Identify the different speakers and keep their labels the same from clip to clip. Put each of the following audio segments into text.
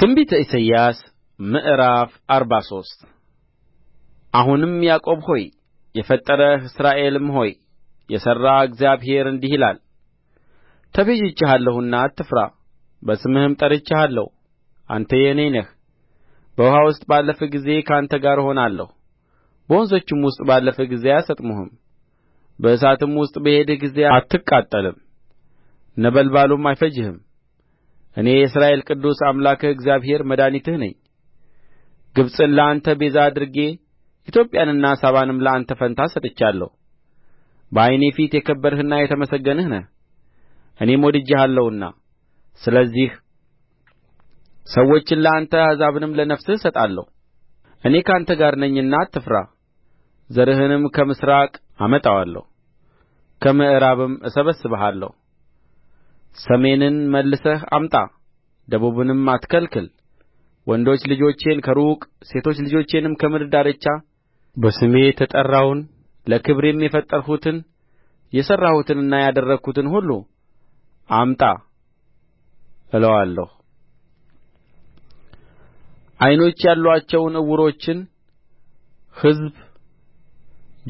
Speaker 1: ትንቢተ ኢሳይያስ ምዕራፍ አርባ ሶስት አሁንም ያዕቆብ ሆይ የፈጠረህ እስራኤልም ሆይ የሠራህ እግዚአብሔር እንዲህ ይላል ተቤዥቼሃለሁና አትፍራ በስምህም ጠርቼሃለሁ አንተ የእኔ ነህ በውኃ ውስጥ ባለፍህ ጊዜ ከአንተ ጋር እሆናለሁ በወንዞችም ውስጥ ባለፍህ ጊዜ አያሰጥሙህም በእሳትም ውስጥ በሄድህ ጊዜ አትቃጠልም ነበልባሉም አይፈጅህም እኔ የእስራኤል ቅዱስ አምላክህ እግዚአብሔር መድኃኒትህ ነኝ ግብጽን ለአንተ ቤዛ አድርጌ ኢትዮጵያንና ሳባንም ለአንተ ፋንታ ሰጥቻለሁ በዓይኔ ፊት የከበርህና የተመሰገንህ ነህ እኔም ወድጄሃለሁና ስለዚህ ሰዎችን ለአንተ አሕዛብንም ለነፍስህ እሰጣለሁ እኔ ከአንተ ጋር ነኝና አትፍራ ዘርህንም ከምሥራቅ አመጣዋለሁ ከምዕራብም እሰበስብሃለሁ ሰሜንን መልሰህ አምጣ ደቡብንም አትከልክል ወንዶች ልጆቼን ከሩቅ ሴቶች ልጆቼንም ከምድር ዳርቻ በስሜ የተጠራውን ለክብሬም የፈጠርሁትን የሠራሁትንና ያደረግሁትን ሁሉ አምጣ እለዋለሁ ዓይኖች ያሉአቸውን ዕውሮችን ሕዝብ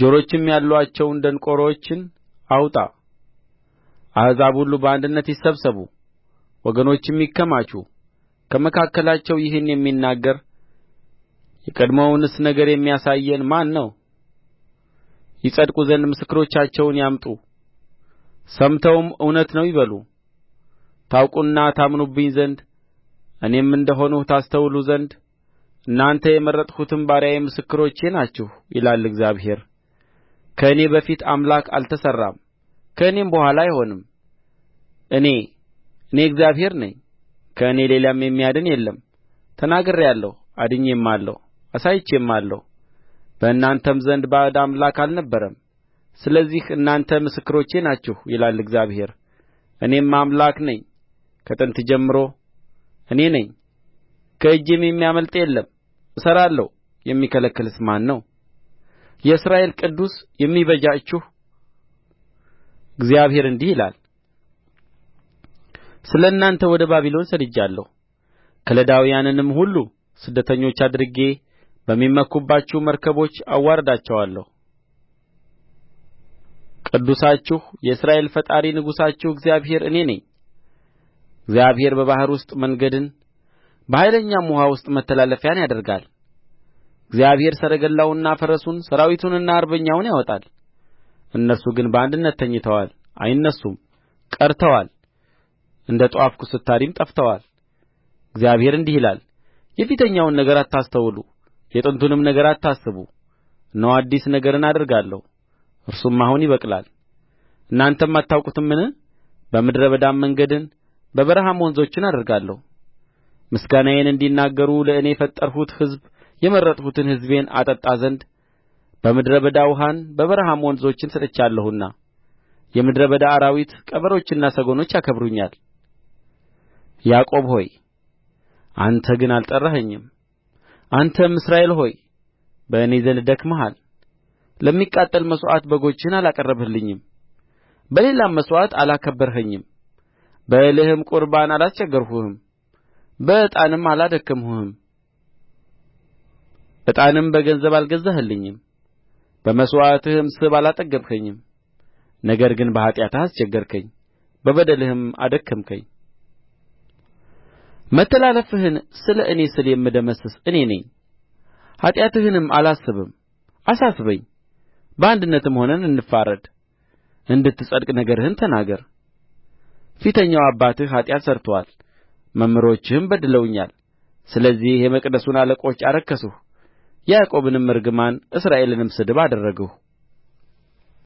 Speaker 1: ጆሮችም ያሉአቸውን ደንቆሮችን አውጣ አሕዛብ ሁሉ በአንድነት ይሰብሰቡ ወገኖችም ይከማቹ ከመካከላቸው ይህን የሚናገር የቀድሞውንስ ነገር የሚያሳየን ማን ነው ይጸድቁ ዘንድ ምስክሮቻቸውን ያምጡ ሰምተውም እውነት ነው ይበሉ ታውቁና ታምኑብኝ ዘንድ እኔም እንደ ሆንሁ ታስተውሉ ዘንድ እናንተ የመረጥሁትም ባሪያዬ ምስክሮቼ ናችሁ ይላል እግዚአብሔር ከእኔ በፊት አምላክ አልተሠራም ከእኔም በኋላ አይሆንም እኔ እኔ እግዚአብሔር ነኝ ከእኔ ሌላም የሚያድን የለም ተናግሬአለሁ አድኜማለሁ አሳይቼማለሁ በእናንተም ዘንድ ባዕድ አምላክ አልነበረም ስለዚህ እናንተ ምስክሮቼ ናችሁ ይላል እግዚአብሔር እኔም አምላክ ነኝ ከጥንት ጀምሮ እኔ ነኝ ከእጄም የሚያመልጥ የለም እሠራለሁ የሚከለክልስ ማን ነው የእስራኤል ቅዱስ የሚቤዣችሁ እግዚአብሔር እንዲህ ይላል ስለ እናንተ ወደ ባቢሎን ሰድጃለሁ ከለዳውያንንም ሁሉ ስደተኞች አድርጌ በሚመኩባችሁ መርከቦች አዋርዳቸዋለሁ ቅዱሳችሁ የእስራኤል ፈጣሪ ንጉሣችሁ እግዚአብሔር እኔ ነኝ እግዚአብሔር በባሕር ውስጥ መንገድን በኃይለኛም ውኃ ውስጥ መተላለፊያን ያደርጋል እግዚአብሔር ሰረገላውንና ፈረሱን ሠራዊቱንና አርበኛውን ያወጣል እነርሱ ግን በአንድነት ተኝተዋል አይነሡም ቀርተዋል እንደ ጧፍ ኩስታሪም ጠፍተዋል እግዚአብሔር እንዲህ ይላል የፊተኛውን ነገር አታስተውሉ የጥንቱንም ነገር አታስቡ እነሆ አዲስ ነገርን አደርጋለሁ እርሱም አሁን ይበቅላል እናንተም አታውቁትምን በምድረ በዳም መንገድን በበረሃም ወንዞችን አደርጋለሁ ምስጋናዬን እንዲናገሩ ለእኔ የፈጠርሁት ሕዝብ የመረጥሁትን ሕዝቤን አጠጣ ዘንድ በምድረ በዳ ውኃን በበረሃም ወንዞችን ሰጥቻለሁና የምድረ በዳ አራዊት ቀበሮችና ሰጎኖች ያከብሩኛል ያዕቆብ ሆይ አንተ ግን አልጠራኸኝም አንተም እስራኤል ሆይ በእኔ ዘንድ ደክመሃል ለሚቃጠል መሥዋዕት በጎችህን አላቀረብህልኝም በሌላም መሥዋዕት አላከበርኸኝም በእህልም ቍርባን አላስቸገርሁህም በዕጣንም አላደከምሁህም ዕጣንም በገንዘብ አልገዛህልኝም በመሥዋዕትህም ስብ አላጠገብኸኝም ነገር ግን በኃጢአትህ አስቸገርኸኝ በበደልህም አደከምኸኝ መተላለፍህን ስለ እኔ ስል የምደመስስ እኔ ነኝ ኃጢአትህንም አላስብም አሳስበኝ በአንድነትም ሆነን እንፋረድ እንድትጸድቅ ነገርህን ተናገር ፊተኛው አባትህ ኃጢአት ሠርቶአል መምህሮችህም በድለውኛል ስለዚህ የመቅደሱን አለቆች አረከስሁ ያዕቆብንም እርግማን እስራኤልንም ስድብ አደረግሁ